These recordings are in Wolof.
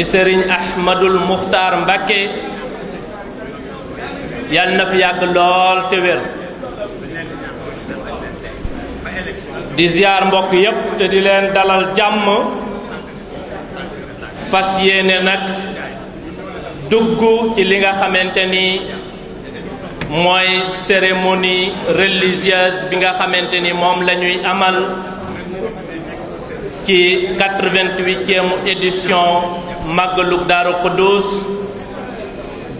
di sëriñ ahmadul muxtaar mbakke yal na fi yàgg lool te di ziar mbokk yépp te di leen dalal jàmm fas yéene nag dugg ci li nga xamante ni mooy cérémonie religieuse bi nga xamante ni moom la amal ci 88e édition màggalug Daaru Xuddus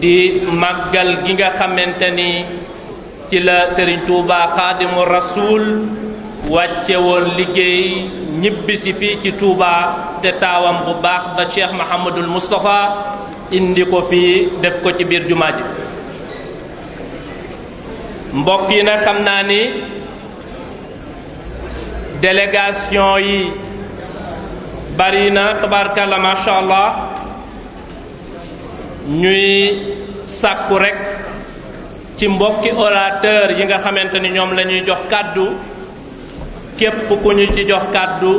di màggal gi nga xamante ni ci la Serigne Touba Xaadimu Rasuul wàcce woon liggéey ñibbisi fii ci tuuba te taawam bu baax ba Cheikh Mahamadul Moustapha indi ko fii def ko ci biir jumaa ji mbokk yi nag xam naa ni délégation yi bari na tabaarkàlla ñuy sàkku rekk ci mbokki orateur yi nga xamante ni ñoom lañuy jox kàddu képp ku ñu ci jox kàddu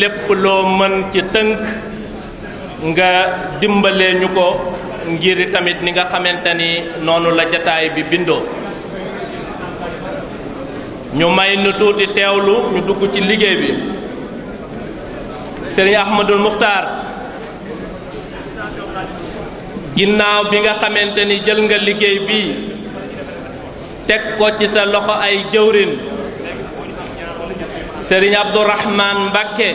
lépp loo mën ci tënk nga dimbalee ñu ko ngir tamit ni nga xamante ni noonu la jataay bi bindoo ñu may nu tuuti teewlu ñu dugg ci liggéey bi Serigne Ahmadul Muxtaar ginnaaw bi nga xamante ni jël nga liggéey bii teg ko ci sa loxo ay jëwrin Serigne Abdourahman mbàkke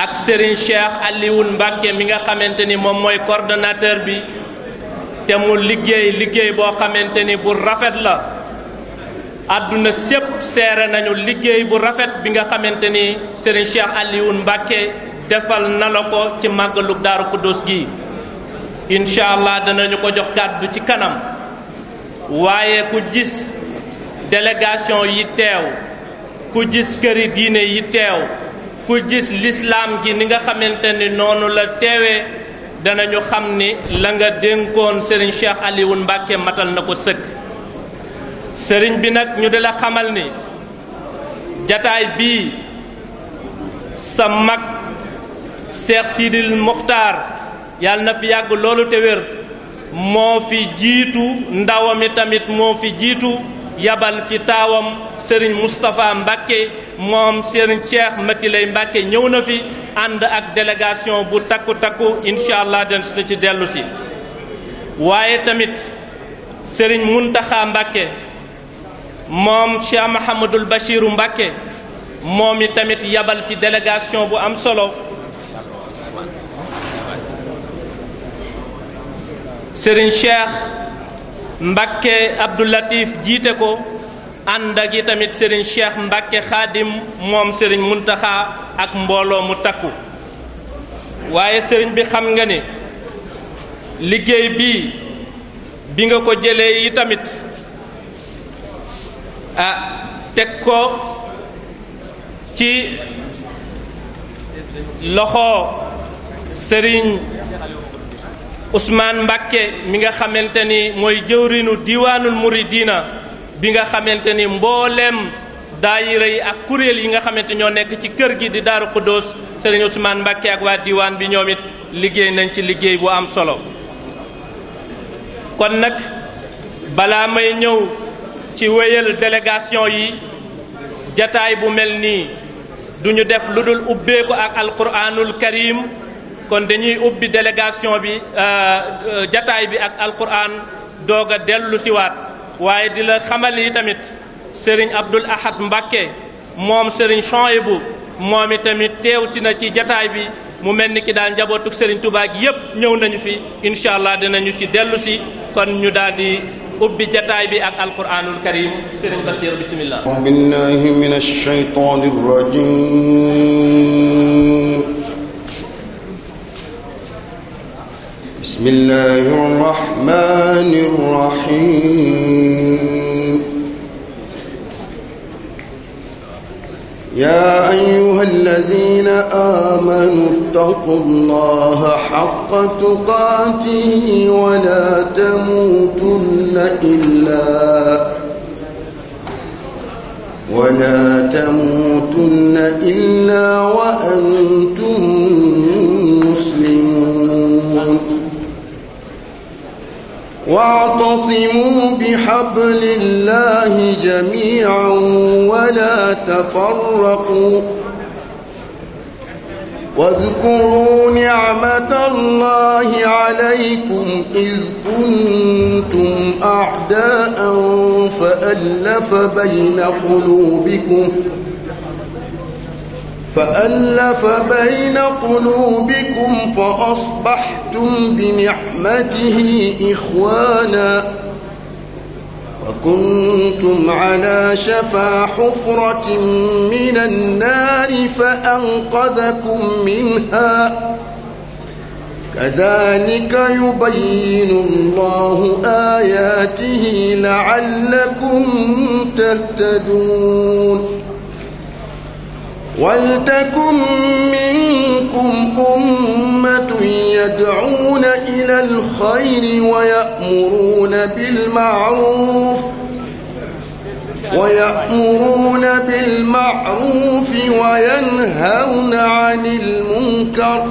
ak Serigne Cheikh Alioune Mbakke mi nga xamante ni moom mooy coordonnateur bi te mu liggéey liggéey boo xamante ni bu rafet la. àdduna sépp seere nañu liggéey bu rafet bi nga xamante ni Serigne Cheikh Alioune Mbacké defal na la ko ci màggalu Daaru Kuddus gi incha allah danañu ko jox kàddu ci kanam waaye ku gis délégation yi teew ku gis këri diine yi teew ku gis lislaam gi ni nga xamante ni noonu la teewe dana danañu xam ni la nga dénkoon Serigne Cheikh Alioune Mbacké matal na ko sëkk sëriñ bi nag ñu di xamal ni jataay bii sa mag Cheikh Sidil Muxtaar yàlla na fi yàgg loolu te wér moo fi jiitu ndawam tamit moo fi jiitu yabal fi taawam sëriñ Moustapha Mbacke moom sëriñ Cheikh Mati lay ñëw na fi ànd ak délégation bu takku takku incha allah ci dellu si waaye tamit sëriñ Muntaxa Mbacke moom Cheikh Mahamadul Bachiru Mbàkke moom i tamit yabal ci délégation bu am solo sëriñ Cheikh Mbàkke Abdul Latif jiite ko ànd ak yi tamit Serigne Cheikh Mbàkke Xaadim moom Serigne Muntaxa ak mbooloo mu takku waaye sëriñ bi xam nga ni liggéey bii bi nga ko jëlee yi tamit ah teg ko ci loxo sëriñ Ousmane Mbakke mi nga xamante ni mooy jëwriñu diwaanul muridina bi nga xamante ni mbooleem daayira yi ak kuréel yi nga xamante ñoo nekk ci kër gi di Daaru Xuddoos Serigne Ousmane Mbakke ak waa diwaan bi ñoom it liggéey nañ ci liggéey bu am solo kon nag balaa may ñëw ci wéyal délégation yi jataay bu mel nii duñu def lu dul ubbeeku ak alquranul karim kon dañuy ubbi délégation bi euh, euh, jataay bi ak alquran doog a dellu waaye di la xamal tamit sëriñ Abdul Ahad Mbàkke moom sëriñ Chouaïbou moom itamit tamit ci na ci jataay bi mu mel ni ki daal njabootuk sëriñ Tuubaa gi yépp ñëw nañu fi incha allah dinañu ci dellu si kon ñu daal di ubbi jataay bi ak alquranul karim sëriñ Bachir bismillah billahi minash shaytanir rajim bismillahir rahmanir rahim يا أيها الذين آمنوا اتقوا الله حق تقاته ولا تموتن إلا ولا تموتن إلا وأنتم واعتصموا بحبل الله جميعا ولا تفرقوا واذكروا نعمة الله عليكم إذ كنتم أعداء فألف بين قلوبكم فألف بين قلوبكم فأصبحتم بنعمته إخوانا وكنتم على شفا حفرة من النار فأنقذكم منها كذلك يبين الله آياته لعلكم تهتدون ولتكن منكم أمة يدعون إلى الخير ويأمرون بالمعروف ويأمرون بالمعروف وينهون عن المنكر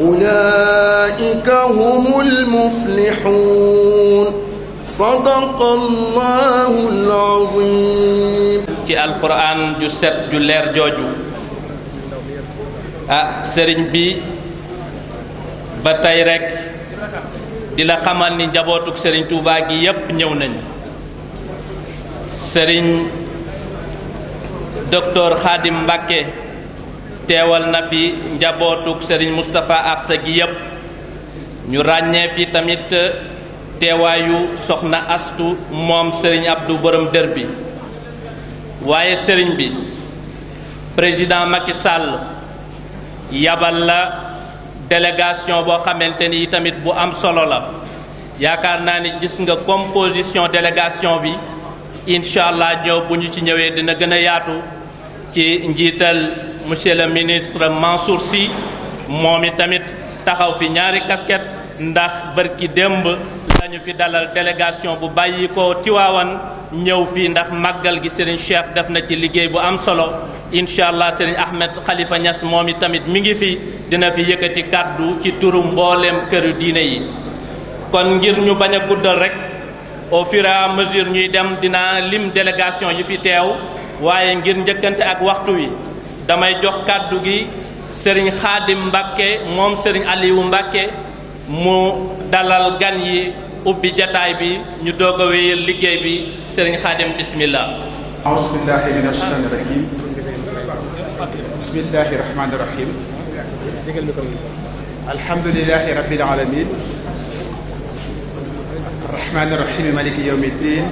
أولئك هم المفلحون صدق الله العظيم ci alquran ju set ju leer jooju ah sëriñ bi ba tey rekk di la xamal ni njabootuk sëriñ Touba gi yépp ñëw nañ sëriñ docteur Khadim Mbakke teewal na fi njabootuk sëriñ Moustapha Absa gi yépp ñu ràññee fi tamit teewaayu soxna astu moom sëriñ du borom dër bi waaye sëriñ bi président Macky Sall yabal la délégation boo xamante ni tamit bu am solo la yaakaar naa ni gis nga composition délégation bi incha allah ñëw bu ñu ci ñëwee dina gën a yaatu ci njiital monsieur le ministre Mansour si moom i tamit taxaw fi ñaari casquette ndax bërki démb ñu fi dalal délégation bu bàyyi ko Tiwaawan ñëw fii ndax màggal gi Serigne Cheikh def na ci liggéey bu am solo incha allah Serigne Ahmed Khalifa Niass moom i tamit mi ngi fi dina fi yëkkati kàddu ci turu mbooleem këru diine yi. ngir ñu bañ a guddal rek au mesure ñuy dem dina lim délégation yi fi teew waaye ngir njëkkante ak waxtu wi damay jox kàddu gi Serigne Khadim Mbacke moom Serigne Aliou Mbacke. mu dalal gan yi ubbi jataay bi ñu doog a wéyal liggéey bi sëriñ Xaadim bismillah aouzu billahi min ashaytaani rajim bismillahi rahmaani rahim alhamdulillahi rabbil alamin arrahmaani rahim maliki yawmi ddin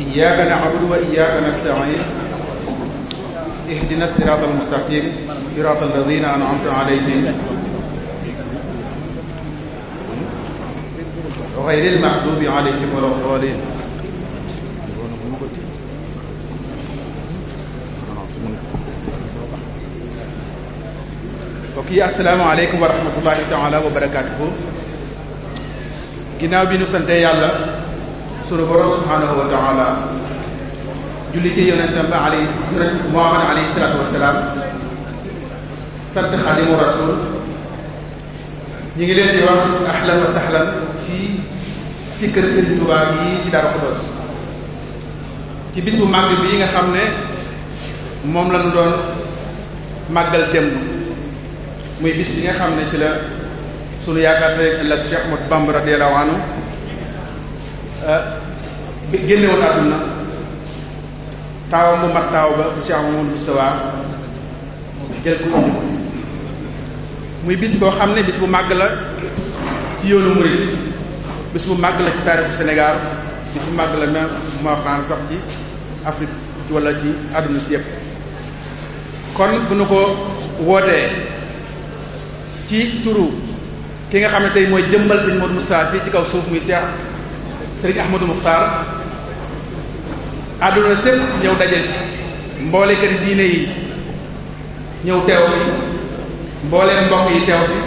iyyaka na'budu wa iyyaka nasta'in ihdina siraatal mustaqiim siraatal ladiina an'amta alayhim ghayril maghdubi alayhim wala daalliin mbokk yi asalaamaaleykum wa rahmatullahi taala wa barakaatuhu ginnaaw bi nu sante yàlla sunu borom subhaanahu wa taala julli ci yonentam ba alayhi yonent Muhammad alayhi salaatu wasalaam sant xadimu rasul ñu ngi leen di wax ahlan wa sahlan ci ci kër Serigne Touba yi ci Darou Khoudoss ci bis bu màgg bi nga xam ne moom la ñu doon màggal démb muy bis bi nga xam ne ci la sunu yaakaar rek ëllëg Cheikh Ahmadou Bamba radiyallahu anhu euh, bi génnewoon àdduna taawam bu mat taaw ba bu Cheikh Mamadou Moustapha jël muy bis koo xam ne bis bu màgg la ci yoonu murid bés bu màgg la ci taarixu Sénégal bés bu màgg la même moo xam sax ci Afrique wala ci àdduna si kon bu nu ko wootee ci turu ki nga xam ne tey mooy jëmbal sëñ Modou Moustapha fii ci kaw suuf muy Cheikh Serigne Ahmadou Moukhtar àdduna sépp ñëw daje ci mboole kër diine yi mbooleem mbokk yi teew fi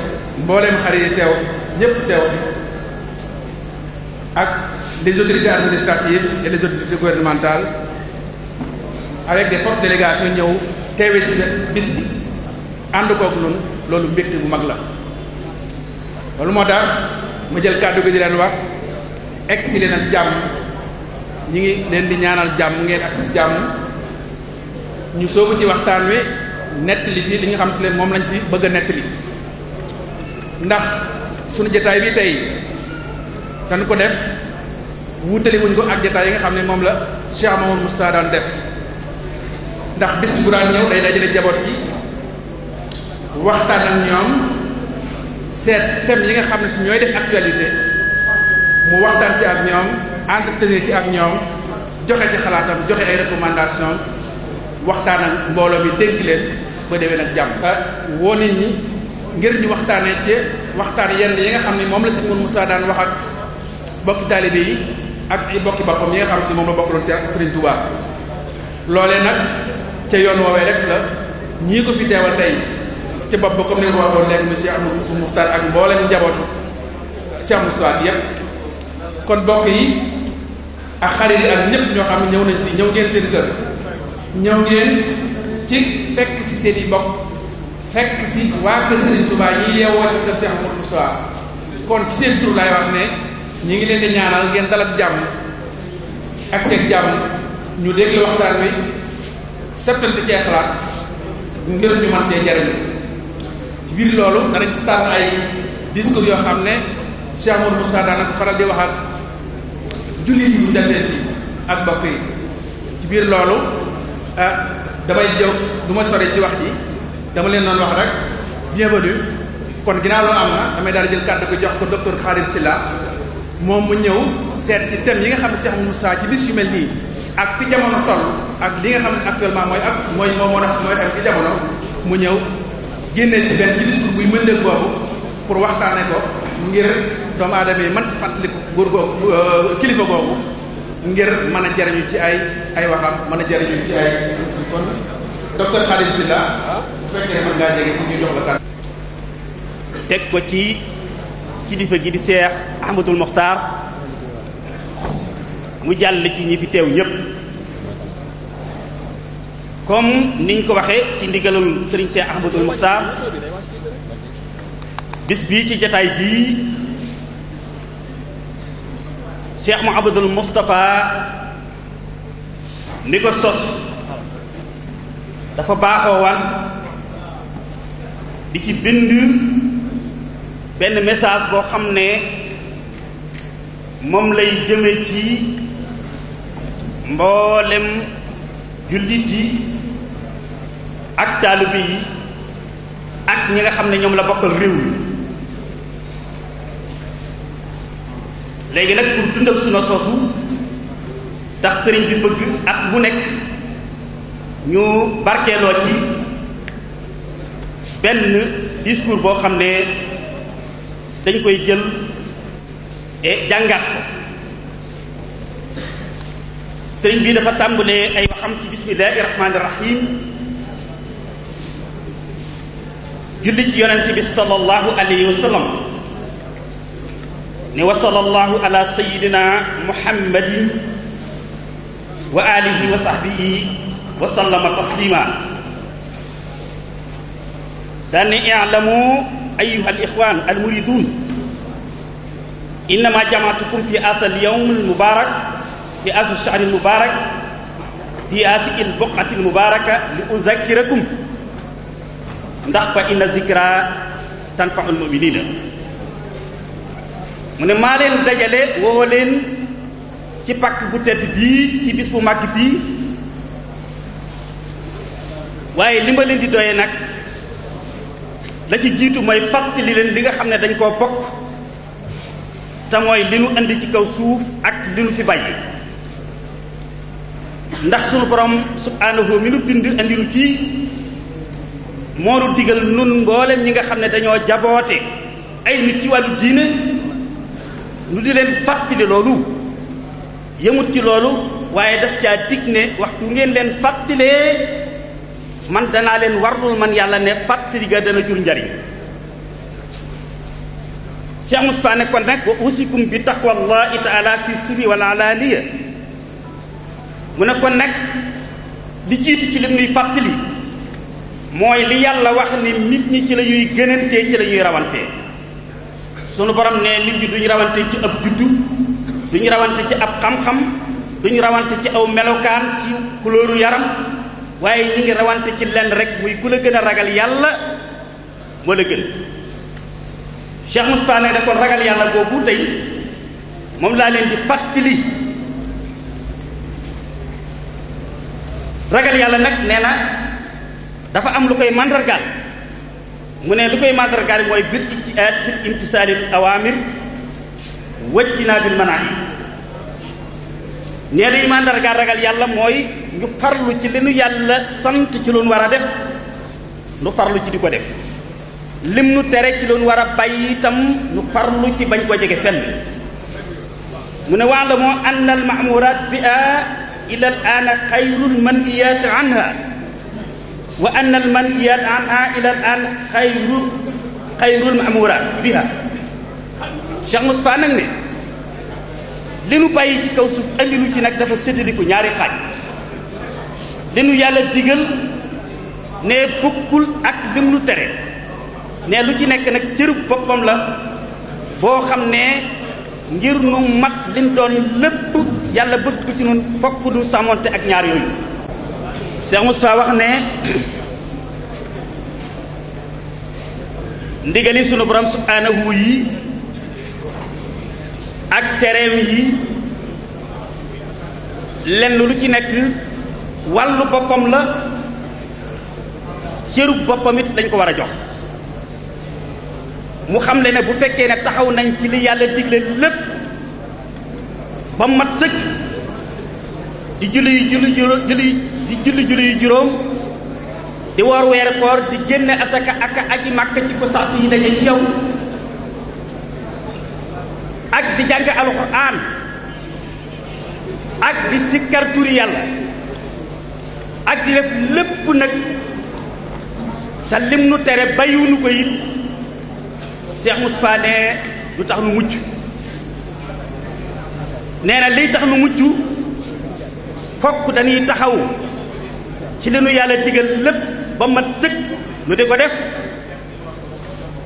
mbooleem xarit yi teew fi ñépp teew fi ak les autorités administratives et les autorités gouvernementales avec des fortes délégations ñëw teewee si bis bi ànd kook noonu loolu mbégte bu mag la loolu moo tax ma jël kàddu gi di leen wax egsi leen ak jàmm ñi ngi leen di ñaanal jàmm ngeen ak si jàmm ñu soobu ci waxtaan wi nettali fii li nga xam si leen moom lañ fi bëgg a nettali ndax sunu jotaay bi tey dañ ko def wutali wuñ ko ak jotaay yi nga xam ne moom la Cheikh Mamadou Moustapha daan def ndax bis bu daan ñëw day dajale jaboot gi waxtaan ak ñoom seet thèmes nga xam ñooy def actualité mu waxtaan ci ak ñoom ci ak joxe ci xalaatam joxe ay recommandation waxtaan ak mbooloo mi dénk leen ba dee ak jàmm. Euh, woo nit ñi ngir ñu waxtaanee ci waxtaan yenn yi nga xam ne moom la sëñ Moustapha daan wax ak. bokki taalibe yi ak i bokki boppam ñi nga xam si moom la bokkaloon si ak Serigne Touba loolee nag ca yoon woowee rek la ñii ko fi teewal tey ci bopp ba comme ni nga ko waxoon léegi monsieur Amadou Moukhtar ak mboolem njabootu Cheikh Moustapha bi yi ak xarit yi ak ñëpp ñoo xam ne ñëw nañ fi ñëw ngeen seen kër ñëw i bokk fekk si waa kër Serigne Touba ñi yeewoo ci kër Cheikh Moustapha kon ci seen tur laay wax ne. ñi ngi leen di ñaanal ngeen dal ak jàmm ak seen jàmm ñu déglu waxtaan wi settal cee xalaat ngir ñu mën cee jariñ ci biir loolu danañ ci ay discours yoo xam ne Cheikh Amadou Moussa daanaka faral di wax ak jullit yi bu defee ak mbokk yi ci biir loolu ah damay jóg duma ma sore ci wax ji dama leen doon wax rek bienvenue kon ginnaaw loolu am na damay daal di jël kàddu ko jox ko docteur Khadim Silla moom mu ñëw seet ci thèmes yi nga xam ne Cheikh Moussa ci bis yu mel nii ak fi jamono toll ak li nga xam ne actuellement mooy ak mooy moom moo tax mooy ak ci jamono mu ñëw génne ci benn ci discours buy mën dëkk boobu pour waxtaane ko ngir doomu aadama yi mën ci fàttaliku góor googu euh, kilifa googu ngir mën a jariñu ci ay ay waxam mën a jariñu ci ay kon docteur Khadim Sylla bu fekkee mën ngaa jege si ñu jox la tànn teg ko ci kilifa gi di seex Ahmadul Moxtaar mu jàll ci ñi fi teew ñépp comme niñ ko waxee ci ndigalul sëriñ seex Ahmadul Moxtaar bis bii ci jataay bii seex Muhammadul Moustapha ni ko sos dafa baaxoo waan di ci bind benn message boo xam ne moom lay jëme ci mboolem jullit yi ak taalibe yi ak ñi nga xam ne ñoom la bokkal réew mi léegi nag pour dundal suna soosu tax sëriñ bi bëgg at bu nekk ñu barkeeloo ci benn discours boo xam ne dañ koy jël e jàngaat ko dafa tàmbalee ay waxam ci bismillahi rahmaani rahim julli ci yonent bi sallallahu alayhi wa sallam ne wa sallallahu ala sayyidina muhammadin wa alihi wa sahbihi wa sallama taslima daan ne i'lamu أيها الإخوان المريدون إنما جمعتكم في هذا اليوم المبارك في هذا الشهر المبارك في هذه البقعة المباركة لأذكركم ndax fa inna zikra tanfa'ul mu'minina mu ne maa leen dajale woo leen ci pakk bu tedd bii ci bis bu màgg bii waaye li leen di doye nag la ci jiitu mooy fàttali leen li nga xam ne dañ koo bokk te mooy li nu indi ci kaw suuf ak li nu fi bàyyi ndax sunu borom subhaanahu mi nu bind indi nu fii moo nu digal nun mboolem ñi nga xam ne dañoo jaboote ay nit ci wàllu diine nu di leen fàttali loolu yëmut ci loolu waaye daf caa dig ne waxtu ngeen leen fàttalee man danaa leen warlul man yàlla ne fàttali ga dana jur njariñ Cheikh Moustapha ne kon nag wa usikum bi taqwallahi taala fi sirri wal alaniya mu ne kon nag li jiitu ci li nuy fàttali mooy li yàlla wax ni nit ñi ci la ñuy gënantee ci lañuy ñuy rawantee sunu borom ne nit ñi duñu rawante ci ab juddu duñu rawante ci ab xam-xam duñu rawante ci aw melokaan ci kulóoru yaram waaye ñi ngi rawante ci lenn rek muy ku la gën a ragal yàlla moo la gën Cheikh Moustapha ne kon ragal yàlla boobu tey moom laa leen di fàttali ragal yàlla nag nee na dafa am lu koy màndargaal mu ne lu koy màndargaal mooy bir ijtihaad fi imtisaalil awaamir wajtinaabil manaahi nee na yi ragal yàlla mooy ñu farlu ci li nu yàlla sant ci loon war a def lu farlu ci di ko def lim nu tere ci loon war a bàyyi itam nu farlu ci bañ koo jege fenn mu ne waalamoo ann almaamurat bi a ila al aana xayrul maniyat anha wa ann al maniyat anha ila aan xayru xayrul maamurat biha Cheikh Moustapha nag ne li nu bàyyi ci kaw suuf andi ci nag dafa ko ñaari xaaj li nu yàlla digal ne bokkul ak lim nu tere ne lu ci nekk nag cërub boppam la boo xam ne ngir nu mat liñ doon lépp yàlla bëgg ko ci nun fokk nu sàmmoonte ak ñaar yooyu Cheikh Moussa wax ne ndigali sunu borom subhaanahu yi ak tereem yi lenn lu ci nekk wàllu boppam la cëru boppam it dañ ko war a jox mu xam le ne bu fekkee ne taxaw nañ ci li yàlla digle lépp ba mat sëkk di julli yu julli juróom julli di julli julli juróom di woor weeru koor di génne asaka ak a aji màkk ci ko sax yi dañu ci yow di jàng alxuraan ak di sikkar yàlla ak di def lépp nag te lim nu tere bàyyiwuñu ko it Cheikh Moustapha ne du tax lu mucc nee na liy tax nu mucc fokk dañuy taxaw ci li nu yàlla digal lépp ba mat sëkk nu di ko def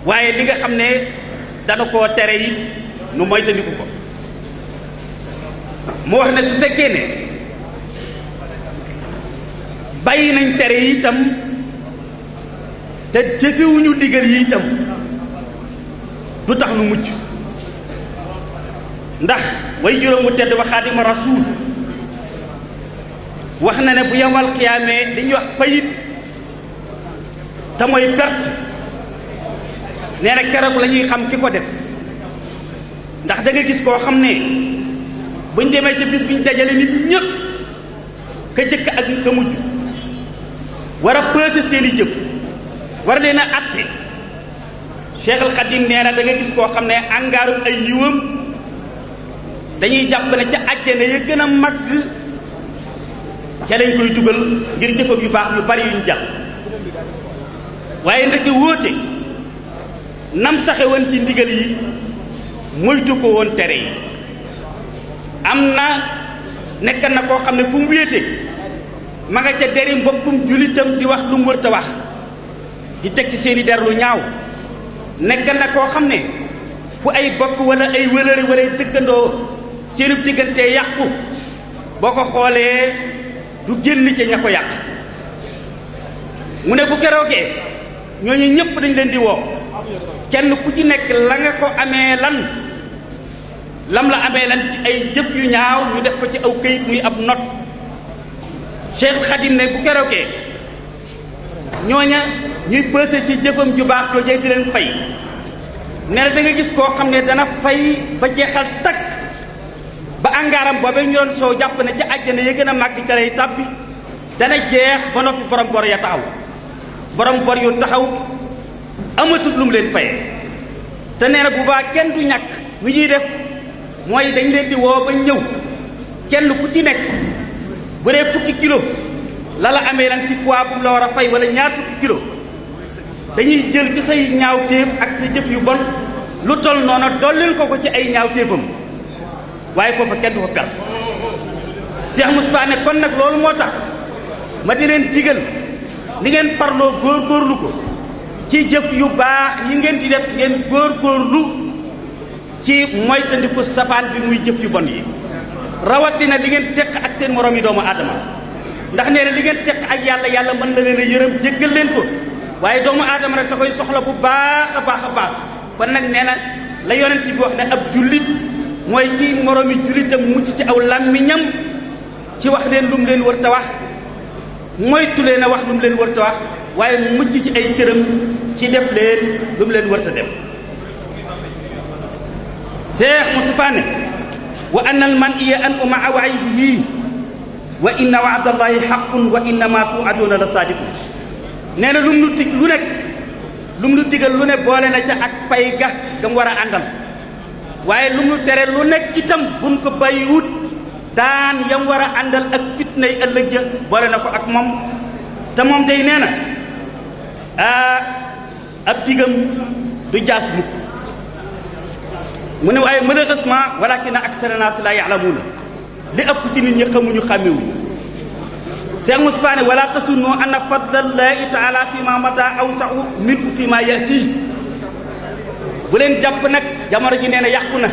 waaye li nga xam ne dana ko tere yi nu moytandiku ko mu wax ne su fekkee ne bàyyi nañ tere yi itam te jëfewuñu ndigal yi itam du tax lu mucc ndax way juróom wu tedd ba xaadima rasuul wax na ne bu yawmal xiyaamee dañuy wax payit te mooy perte nee na keroog la ñuy xam ki ko def ndax danga gis koo xam ne buñ demee ca bis bi ñu dajale nit ñëpp ka jëkk ak ka mujj war a peese seen i leen a atte Cheikhul Khadim nee na da nga gis koo xam ne angaarum ay yiwam dañuy jàpp ne ca àjjana ya gën a màgg ca lañ koy dugal ngir jëfam yu baax yu bari yuñ jàpp waaye ndeke wóote nam ci ndigal yi moytu ko woon tere yi am na nekk na koo xam ne fu mu wéete ma nga ca deri mbokkum julitam di wax du mu wërta wax di teg ci seeni der lu ñaaw nekk na koo xam ne fu ay bokk wala ay wëlëri wala ay dëkkandoo seenu diggante yàqu boo ko xoolee du génn ca ña ko yàq mu ne bu keroogee ñooñu ñëpp dañ leen di woo kenn ku ci nekk la nga ko amee lan lam la amee lan ci ay jëf yu ñaaw ñu def ko ci aw këyit muy ab not Cheikh Khadim ne bu keroogee ñooña ñuy bëse ci jëfam ju baax joojee di leen fay ne la da gis koo xam ne dana fay ba jeexal takk ba angaaram boobee ñu doon soow jàpp ne ca àjjana ya gën a màgg ca lay tàbbi dana jeex ba noppi borom bor ya taxaw borom bor yoon taxaw amatut lu mu leen fayee te nee na bu baa kenn du ñàkk lu ñuy def mooy dañ leen di woo ba ñëw kenn ku ci nekk bu dee fukki kilo la amee lan ci poids bu la war a fay wala ñaar fukki kilo dañuy jël ci say ñaawteef ak sa jëf yu bon lu toll noonu dollil ko ko ci ay ñaawteefam waaye foofa kenn du fa per Cheikh Moustapha ne kon nag loolu moo tax ma di leen digal ni ngeen parloo góorgóorlu ko ci jëf yu baax yi ngeen di def ngeen góor góorgóorlu ci moytandiku safaan bi muy jëf yu bon yi rawatina li ngeen seq ak seen moroom yi doomu aadama ndax nee na li ngeen seq ak yàlla yàlla mën na leen a yërëm jéggal leen ko waaye doomu aadama la te koy soxla bu baax a baax a baax kon nag nee na la yonent bi wax ne ab jullit mooy ci moroom yi jullitam mujj ci aw làmmiñam ci wax leen lu leen war ta wax moytu leen a wax lu leen war ta wax waaye mucc ci ay cëram ci def leen lu leen war dem Cheikh Moustapha ne wa anna al maniya an u maa waydihi wa inna waadallahi xaqun wa innama tuuaduuna la saadiqun nee na lu nu dig lu nekk lu nu digal lu ne boole na ca ak pay ga gam war a àndal waaye lu mu nu tere lu nekk itam buñ ko bàyyiwut daan yam war a àndal ak fitnay ëllëg ja boole na ko ak moom te moom day nee na ah, ab digam du jaas mukk mu ne waaye malheureusement walakin aksara naas laa ya'lamuuna li ëpp ci nit ñi xamuñu xàmmewuñu Cheikh Moustapha ne wala tasunnu anna fadlallaahi taala fi ma aw awsa'u minhu fi ma ya'ti bu leen jàpp nag jamono ji nee na yàqu na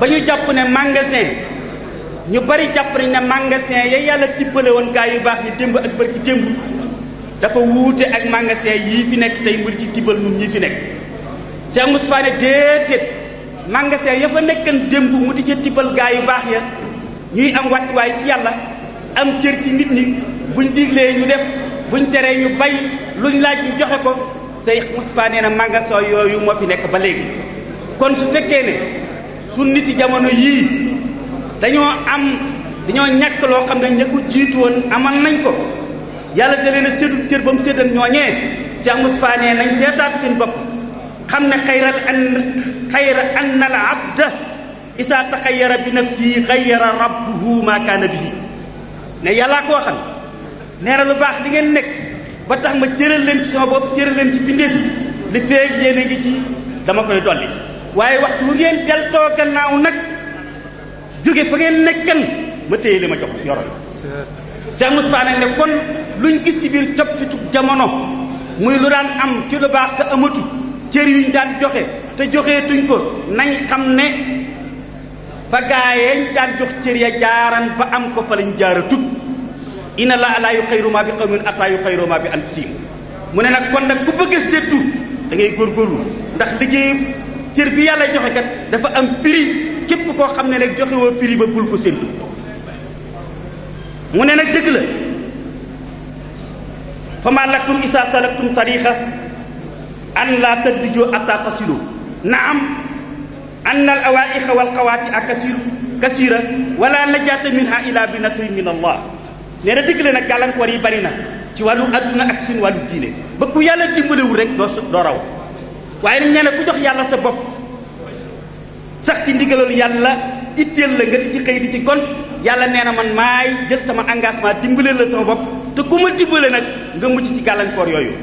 ba ñu jàpp ne magasin ñu bari jàpp nañ ne magasin ya yàlla tippale woon gaa yu baax yi démb ak barki démb dafa wuute ak magasin yii fi nekk tey mbir ci tibbal nun ñii fi nekk Cheikh Moustapha ne déedéet magasin ya fa nekkan démb mu di ca tibbal gaa yu baax ya ñuy am wàccuwaay ci yàlla am cër ci nit ñi buñ diglee ñu def buñ teree ñu bay luñ laaj ñu joxe ko Cheikh Moustapha nee na magasin yooyu moo fi nekk ba léegi kon su fekkee ne su nit jamono yii dañoo am dañoo ñàkk loo xam nañ ña ko jiitu woon amal nañ ko yàlla da na a cër ba mu séddan ñooñee Cheikh Moustapha nee nañ seetaat seen bopp xam ne xayra an na la al abda isa taxayara bi nafsihi xayara rabbuhu ma kaana bihi ne yàllaa ko waxal nee na lu baax li ngeen nekk ba tax ma jëral leen boobu sama bopp jëral leen li feeg yéen ngi ci dama koy dolli waaye waxtu wu ngeen deltoo gannaaw nag jóge fa ngeen nekkan ma téye li ma jox yoroon Cheikh Moustapha nag ne kon luñ gis ci biir coppitu jamono muy lu daan am ci lu baax te amatu cër yuñ daan joxe te joxeetuñ ko nañ xam ne ba gaayeeñ daan jox cër ya jaaran ba am ko fa lañ jaara tut ina laa laa yuxayyiru maa bi qawmin hattaa yuxayyiru maa bi anfusihim mu ne nag kon nag ku bëgg a seetu da ngay ndax liggéey cër bi yàlla joxe kat dafa am prix képp koo xam ne nag joxe woo prix ba bul ko seetu mu ne nag dëgg la fa maa laktum isaa salaktum tariixa an laa tadlijoo atta tasilu naam anna al awaa'iqa wal ak kasir kasira wala najaata minha ila bi nasrin min allah nee na dëgg la nag gàllankoor yi bari na ci wàllu adduna ak seen wàllu diine ba ku yàlla dimbalewul rek doo doo raw waaye nag nee na ku jox yàlla sa bopp sax ci ndigalal yàlla itteel la nga di ci xëy di ci gont yàlla nee na man maay jël sama engagement dimbale la sama bopp te ku ma dimbale nag nga mucc ci gàllankoor yooyu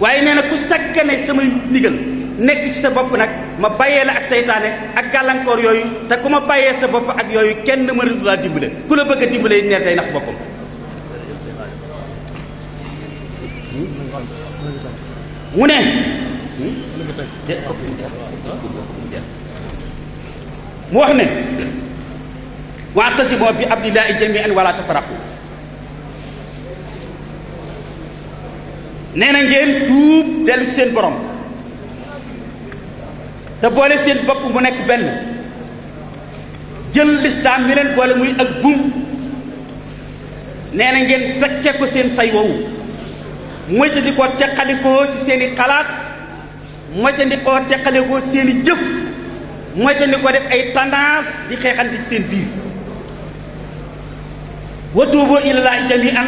waaye nee na ku saggane samay ndigal nekk ci sa bopp nag ma bàyyee la ak seytaane ak gàllankoor yooyu te ku ma bàyyee sa bopp ak yooyu kenn mënatu laa dimbale ku la bëgg a dimbale yi nee day nax boppam mu ne mu wax ne wa tasimoo bi abdillahi jamian wala tafaraqu nee na ngeen tuub dellu ci seen borom te boole seen bopp mu nekk benn jël lislaam mi leen boole muy ak buum nee na ngeen takke ko seen say woowu moytandi teqalikoo ci seen i xalaat moytandi koo teqalikoo ci seeni i jëf moytandi def ay tendance di xeexante ci seen biir wa tuubu ilallaahi jamii'an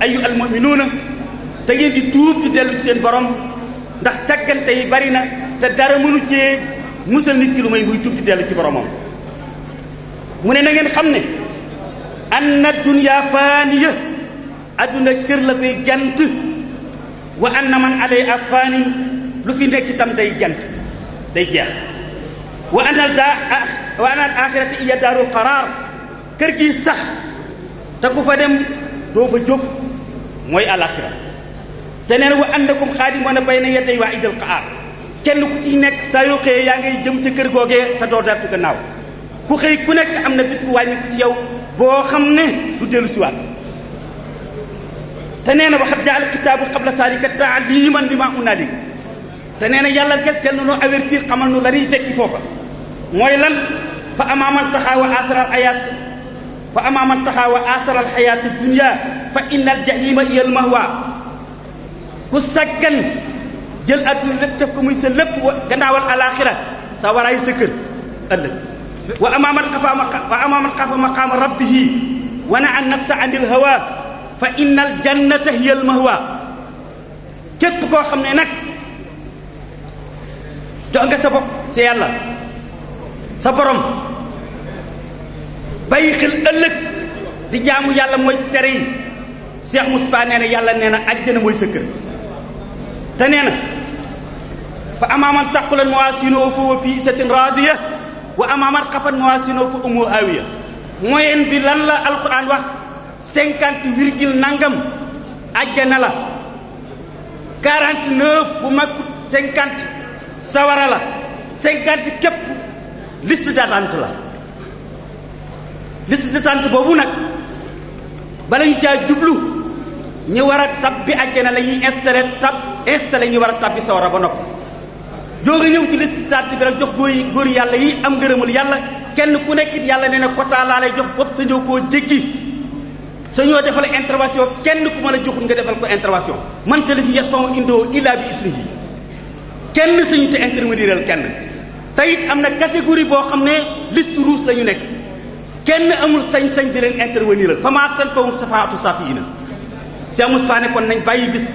ayyuhal mu'minuuna te ngeen gi tuub di dellu ci seen borom ndax càggante yi bari na te dara mënu cee musal nit ki lu may dellu ci boromam mu ne na xam ne anna dunya faaniya adduna kër la koy jant wa anna man alayha faani lu fi nekk itam day jant day jeex wa anna al axirati iya daarul qaraar kër gi sax te ku fa dem doo fa jóg mooy alaxira te nee na wa annakum xaadimoona bayna yatay waa idal qaar kenn ku ci nekk saa yoo xëyee yaa ngay jëm ca kër googee te doo dartu gannaaw ku xëy ku nekk am na bis bu wàññi ci yow boo xam ne du dellu si waat te nee na waxat jaal kitaabu xabla saalika taaliman bi ma unaadi te nee na yàlla kat tel na noo avertir xamal nu la ñuy fekki foofa mooy lan fa amaaman taxaawa asaral ayaat fa amaaman taxaawa asaral xayaat dunia fa innal ku sakkan jël adduna lépp def ko muy sa lépp gannaawal alaxira sa waraay sa kër ëllëg wa amaman xafa ma wa amaman xafa maqaama nafsa anil hawa fa inna al jannata hiya al képp koo xam ne nag jox nga sa bopp si yàlla sa borom bàyyi xel ëllëg di jaamu yàlla mooy tere yi Cheikh Moustapha nee na yàlla nee na àjjana mooy sa kër te nee na fa amaaman sàqulan mawaasiinoo fa wa fii isatin raadiya wa amaaman xafan mawaasiinoo fa umu awiya moyen bi lan la alquran wax cinquante virgule nangam ajjana la quarante neuf bu makkut cinquante sawara la cinquante képp liste d'attente la liste d'attente boobu nag bala ñu caa jublu ñi war a tab bi ajjana la ñuy installé tab installé ñu war a tàbbi sawara ba noppi jooga ñëw ci législative bi rek jox góor yi góor yàlla yi am ngërëmul yàlla kenn ku nekkit yàlla nee na quota laa lay jox bopp sa ñëw koo jéggi sa ñoo defal intervention kenn ku mën a joxul nga defal ko intervantion man te la si yas fama indoo illaa bi isni yi kenn sañu te intermédiaire kenn te am na catégorie boo xam ne liste ruus la ñu nekk kenn amul sañ-sañ di leen intervenir fa maa tan fawum safaatu safiina si amul faa ne kon nañ bàyyi bis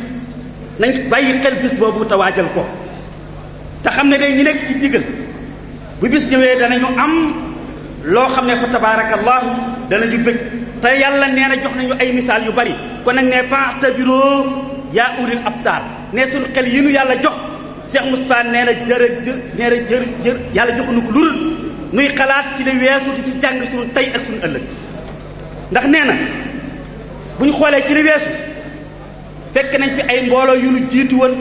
nañ bàyyi xel bis boobu te waajal ko te xam ne day ñu nekk ci digal bu bis ñëwee danañu am loo xam ne fa tabarakallahu danañu bëgg te yàlla nee na jox nañu ay misaal yu bari kon nag ne paatabiroo yaa ulil absar ne suñ xel yi nu yàlla jox Cheikh Moustapha nee na jërë nee na jër jër yàlla joxuñu ko lurul muy xalaat ci li weesu di ci jàng suñu tey ak suñu ëllëg ndax nee na bu ñu xoolee ci li weesu fekk nañ fi ay mbooloo yu nu jiitu woon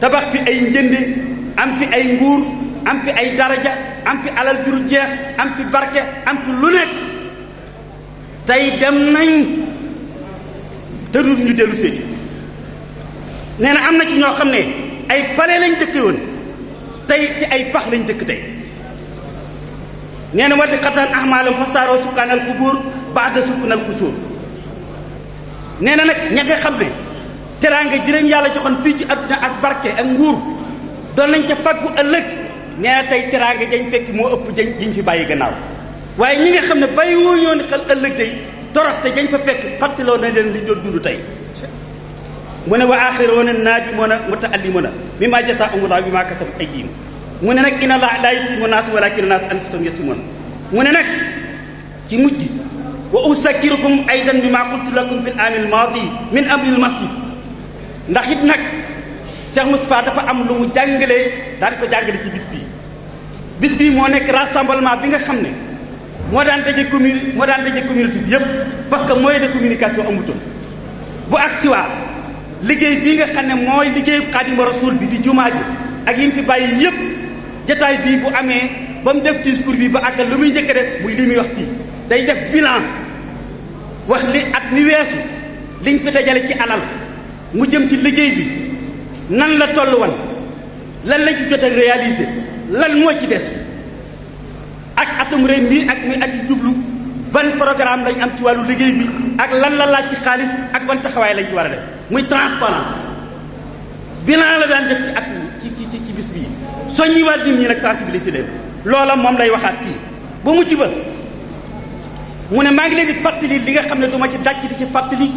tabax fi ay njënd am fi ay nguur am fi ay daraja am fi alal juru jeex am fi barke am fi lu nekk tey dem nañ te du ñu dellu séddi nee na am na ci ñoo xam ne ay palais lañ dëkke woon tey ci ay pax lañ dëkk tey nee na waddi xataan ahmaalam fa saaroo sukkaan al xubuur baada sukkaan al xusuur nee na nag ña nga xam ne teraanga ji leen yàlla joxoon fii ci àdduna ak barke ak nguur doon nañ ca fàggu ëllëg nee na tey teraanga jañ fekk moo ëpp jañ jiñ fi bàyyi gannaaw waaye ñi nga xam ne bàyyi woo yoon xel ëllëg day torox te jañ fa fekk fàttaloo na leen li doon dund tey mu ne waa ne naa wa aaxiroona naadimoona mutaallimoona mimmaa jazaahumullaahu bimaa kasabu aydiihim mu ne nag inna llaaha laa yuzlimu naas walaakinna naas anfusahum yuzlimuun mu ne na ci mujj wa usakkirukum aydan bi ma qultu lakum fi l aami l maadi min amri ndax it nag Cheikh Moustapha dafa am lu mu jàngalee daan ko jàngale ci bis bii bis bii moo nekk rassemblement bi nga xam ne moo daan daje commune moo daan daje communauté bi yépp parce que moyen de communication amutoon bu ak siwaa liggéey bi nga xam ne mooy liggéey Xaadimu Rasuul bi di jumaa ji ak yim fi bàyyi yépp jataay bii bu amee ba mu def discours bi ba àggal lu muy jëkk def muy li muy day def bilan wax li at mi weesu liñ fi dajale ci alal mu jëm ci liggéey bi nan la toll woon lan lañ ci jot a réaliser lan moo ci des ak atum ren mii ak mi ak yi jublu ban programme lañ am ci wàllu liggéey bi ak lan la laaj ci xaalis ak ban taxawaay lañ ci war a def muy transparence bilan la daan def ci at ci ci ci bis bii soññi waat nit ñi nag sensibiliser leen loola moom lay waxaat fii ba mucc ba mu ne maa ngi leen di fàttali li nga xam ne du ci dàcc di ci fàttali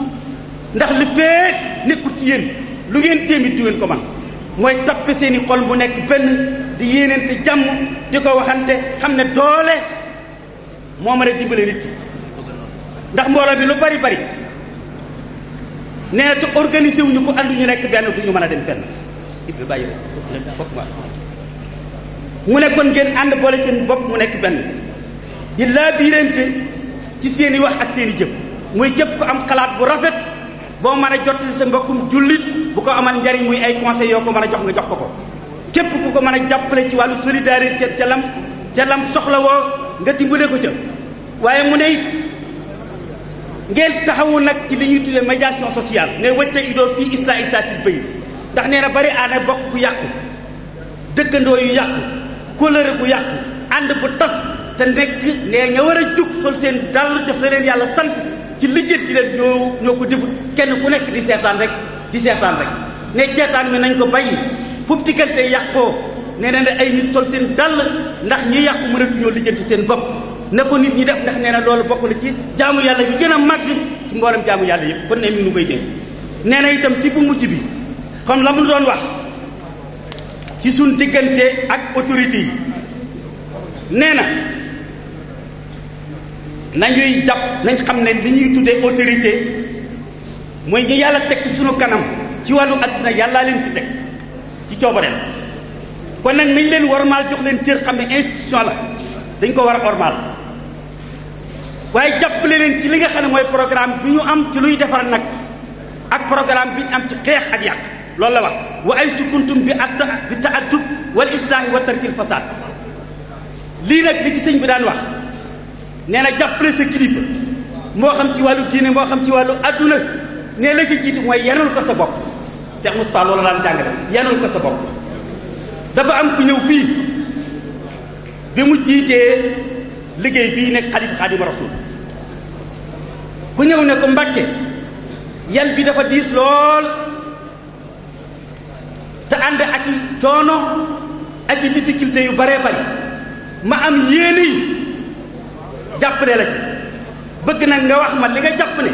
ndax li feek nekkul ci yéen lu ngeen jéemit du ngeen ko man mooy tappe seeni i xol bu nekk benn di yéeneente jàmm di ko waxante xam ne doole moo mën a dimbale nit ndax mbooloo bi lu bari bari nee te organisé wuñu ko ànduñu nekk benn du ñu mën a dem fenn ibbi bàyyi foofu ma mu ne kon ngeen ànd boole seen bopp mu nekk benn di laa ci seen i wax ak seen i jëf muy képp ko am xalaat bu rafet boo mën a jottali sa mbokkum julli bu ko amal njariñ muy ay conseils yoo ko mën a jox nga jox ko ko képp ku ko mën a jàppale ci wàllu solidarité ca lam ca lam soxla woo nga dimbale ko ca waaye mu ne it ngeen taxawu nag ci li ñuy tuddee médiation sociale ne wëcca idoo fii isla isatil bay ndax nee na bari aana bokk ku yàqu dëkkandoo yu yàqu kóllëre bu yàqu ànd bu tas te nekk ne ña war a jug sol seen dàll def la leen yàlla sant ci lijjët ci leen ñoo ñoo ko defut kenn ku nekk di seetaan rek di seetaan rek ne seetaan mi nañ ko bàyyi fu mu diggante yàqoo nee na ne ay nit sol seen dàll ndax ñi yàqu mënatuñoo lijjanti seen bopp na ko nit ñi def ndax nee na loolu bokk na ci jaamu yàlla yi gën a màgg ci mboolem jaamu yàlla yëpp kon ne mi nu koy dégg nee na itam ci bu mujj bi kon la mu doon wax ci suñ diggante ak autorité yi na nañuy jàpp nañ xam ne li ñuy tuddee autorité mooy ñi yàlla teg ci sunu kanam ci wàllu àdduna yàllaa leen fi teg ci coobareel kon nag nañ leen warmaal jox leen cër xam ne institution la dañ ko war a ormaal waaye jàppale leen ci li nga xam ne mooy programme bi ñu am ci luy defar nag ak programme bi ñu am ci xeex ak yàq loolu la wax wa ay sukuntum bi at bi taatub wal islaahi wa tarkil fasaad lii nag li ci sëñ bi daan wax nee na jàppale sa kilifa moo xam ci wàllu diine moo xam ci wàllu adduna nee la ci jiitu mooy yanul ko sa bopp Cheikh Moustapha loolu daan jàngale yanul ko sa bopp dafa am ku ñëw fii bi mu jiitee liggéey bii nekk xalif xaadima rasul ku ñëw ne ko Mbàkke yan bi dafa diis lool te ànd ak i coono ak i difficulté yu baree bari ma am yéene jàppale la ci bëgg nag nga wax ma li nga jàpp ne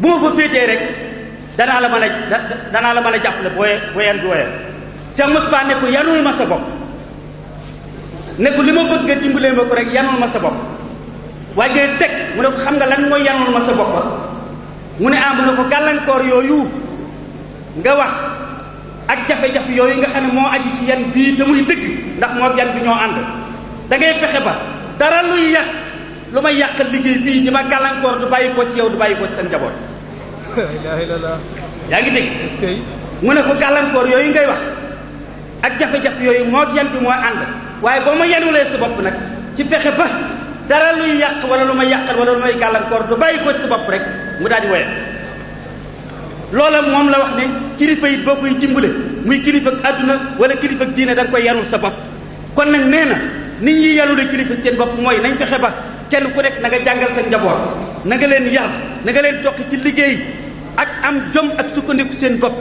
bu ma fa féetee rek danaa la man a danaa la mën a jàppale booy booyal bi woyal Cheikh Moussa ne ko yanul ma sa bopp ne li ma bëgg nga dimbalee ko rek yanul ma sa bopp waaye ngeen teg mu ne ko xam nga lan mooy yanul ma sa bopp mu ne am ah, na ko gàllankoor yooyu nga wax ak jafe-jafe yooyu nga xam ne moo aju ci yan bii te muy dëgg ndax moo yan bi ñoo ànd da fexe ba dara luy yàq lu ma yàqal liggéey bii di ma gàllankoor du bàyyi ko ci yow du bàyyi ko ci sa njaboot. yaa ngi dégg. mu ne ko gàllankoor yooyu ngay wax ak jafe-jafe yooyu moo yan bi moo ànd waaye boo ma yenulee sa bopp nag ci fexe ba dara luy yàq wala lu ma yàqal wala lu may gàllankoor du bàyyi ko ci sa bopp rek mu daal di woyal moom la wax ne kilifa yi boo koy dimbale muy kilifa ak àdduna wala kilifa ak diine da koy yanul sa bopp kon nag nee na nit ñi yanule kilifa seen bopp mooy nañ fexe ba kenn ku nekk na nga jàngal sa njaboot na leen yar na leen toq ci liggéey ak am jom ak sukkandiku seen bopp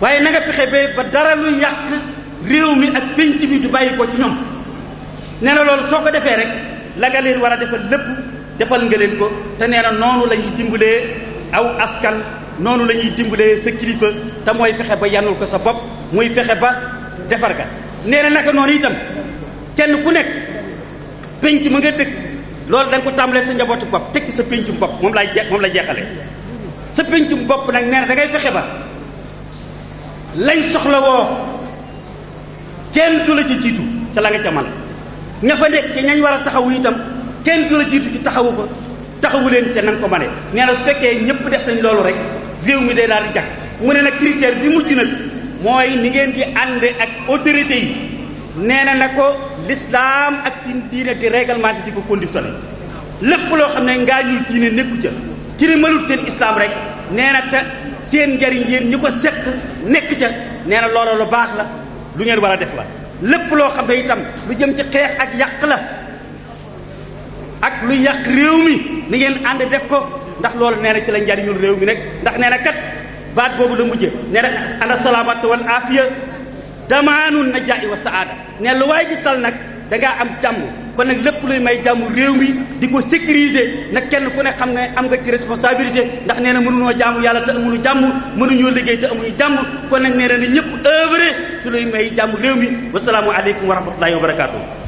waaye na nga fexe ba ba dara lu yàq réew mi ak pénc mi du bàyyi ko ci ñoom nee na loolu soo ko defee rek la leen war a defal lépp defal nga leen ko te nee na noonu lañuy ñuy dimbalee aw askan noonu la ñuy dimbalee sa kilifa te mooy fexe ba yanul ko sa bopp muy fexe ba defar ga nee na naka noonu itam kenn ku nekk penc ma nga dëkk loolu da ko tàmbalee sa njabootu bopp teg ci sa pencum bopp moom laay je moom la jeexalee sa pencum bopp nag nee na da ngay fexe ba lañ soxla woo kenn du la ci jiitu ca la nga ca man ña fa nekk war a taxawu itam kenn du la jiitu ci taxawu ko taxawu leen ca na ko mënee nee na su fekkee ñëpp def nañ loolu rek réew mi day daal di jag mu ne nag critère bi mujj nag mooy ni ngeen di ànde ak autorité yi nee na na ko lislaam ak sin diine di réglementé di ko conditionné lépp loo xam ne ngaa ngaañul diine nekku ca ci ni mënul seen islaam rek nee na te seen njariñ yéen ñi ko seq nekk ca nee na loola lu baax la lu ngeen war def la lépp loo xam ne itam lu jëm ci xeex ak yàq la ak lu yàq réew mi ni ngeen ànd def ko ndax loolu nee na ci la njariñul réew mi nekk ndax nee na kat baat boobu la mujje nee na ana salaamatu wal aafiya damaanul na jaay wa saada ne lu waay ji tal nag da am jàmm kon nag lépp luy may jàmm réew mi di ko sécuriser na kenn ku ne xam nga am nga ci responsabilité ndax nee na mënuñoo jàmm yàlla te amuñu jàmm mënuñoo liggéey te amuñu jàmm kon nag nee na ne ñëpp œuvre ci luy may jàmm réew mi salaamu aleykum wa rahmatullahi wa barakaatu.